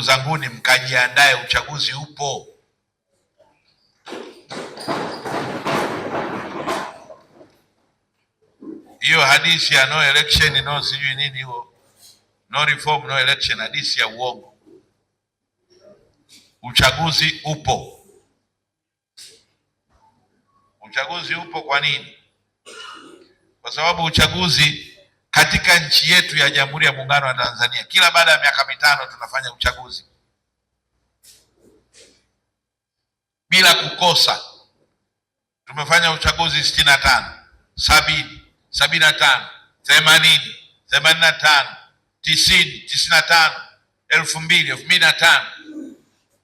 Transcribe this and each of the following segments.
ndugu zanguni, mkajiandae, uchaguzi upo. Hiyo hadithi ya no election no sijui nini huo, no reform no election, hadithi ya uongo. Uchaguzi upo, uchaguzi upo. Kwa nini? Kwa sababu uchaguzi katika nchi yetu ya Jamhuri ya Muungano wa Tanzania. Kila baada ya miaka mitano tunafanya uchaguzi bila kukosa. Tumefanya uchaguzi sitini na tano, sabini, sabini na tano, themanini, themanini na tano, tisini, tisini na tano, elfu mbili, elfu mbili na tano,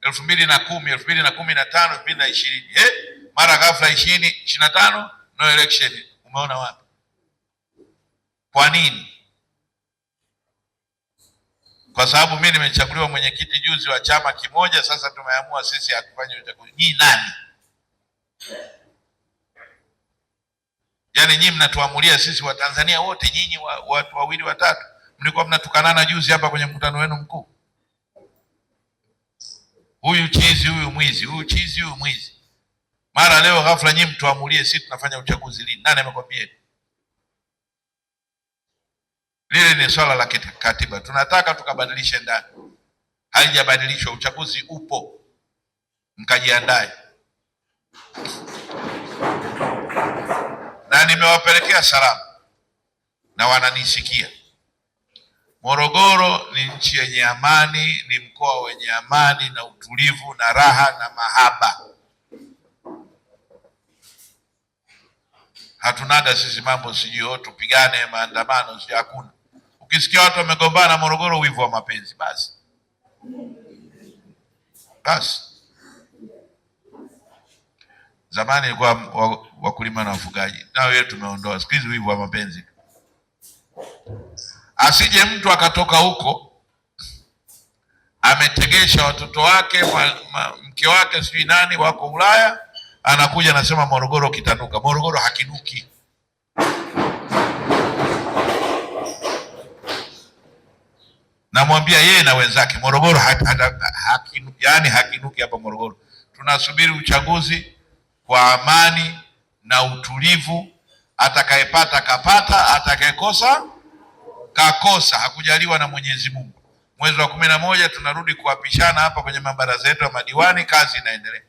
elfu mbili na kumi, elfu mbili na kumi na tano, elfu mbili na ishirini. Eh, mara ghafla ishirini, ishirini na tano, no election. Umeona wapi? Kwa nini? Kwa sababu mimi nimechaguliwa mwenyekiti juzi wa chama kimoja, sasa tumeamua sisi hatufanye uchaguzi. Nyinyi nani? Yaani nyinyi mnatuamulia sisi Watanzania wote, nyinyi watu wawili watatu mlikuwa mnatukanana juzi hapa kwenye mkutano wenu mkuu, huyu chizi, huyu mwizi, huyu chizi, huyu mwizi. Mara leo ghafla nyinyi mtuamulie sisi tunafanya uchaguzi lini? Nani amekwambia? Lile ni swala la katiba, tunataka tukabadilishe ndani, halijabadilishwa. Uchaguzi upo, mkajiandae. Na nimewapelekea salamu na wananisikia. Morogoro ni nchi yenye amani, ni mkoa wenye amani na utulivu na raha na mahaba. Hatunaga sisi mambo sijui oh, tupigane maandamano, sio, hakuna Ukisikia watu wamegombana Morogoro, wivu wa mapenzi, basi basi. Zamani ilikuwa wakulima na wafugaji, nao yeye tumeondoa. Siku hizi wivu wa mapenzi, asije mtu akatoka huko ametegesha watoto wake ma, ma, mke wake sijui nani wako Ulaya, anakuja anasema Morogoro kitanuka. Morogoro hakinuki. namwambia yeye na wenzake Morogoro yani hakinuki hapa Morogoro. Tunasubiri uchaguzi kwa amani na utulivu, atakayepata kapata, atakayekosa kakosa, hakujaliwa na Mwenyezi Mungu. Mwezi wa kumi na moja tunarudi kuapishana hapa kwenye mabaraza yetu ya madiwani, kazi inaendelea.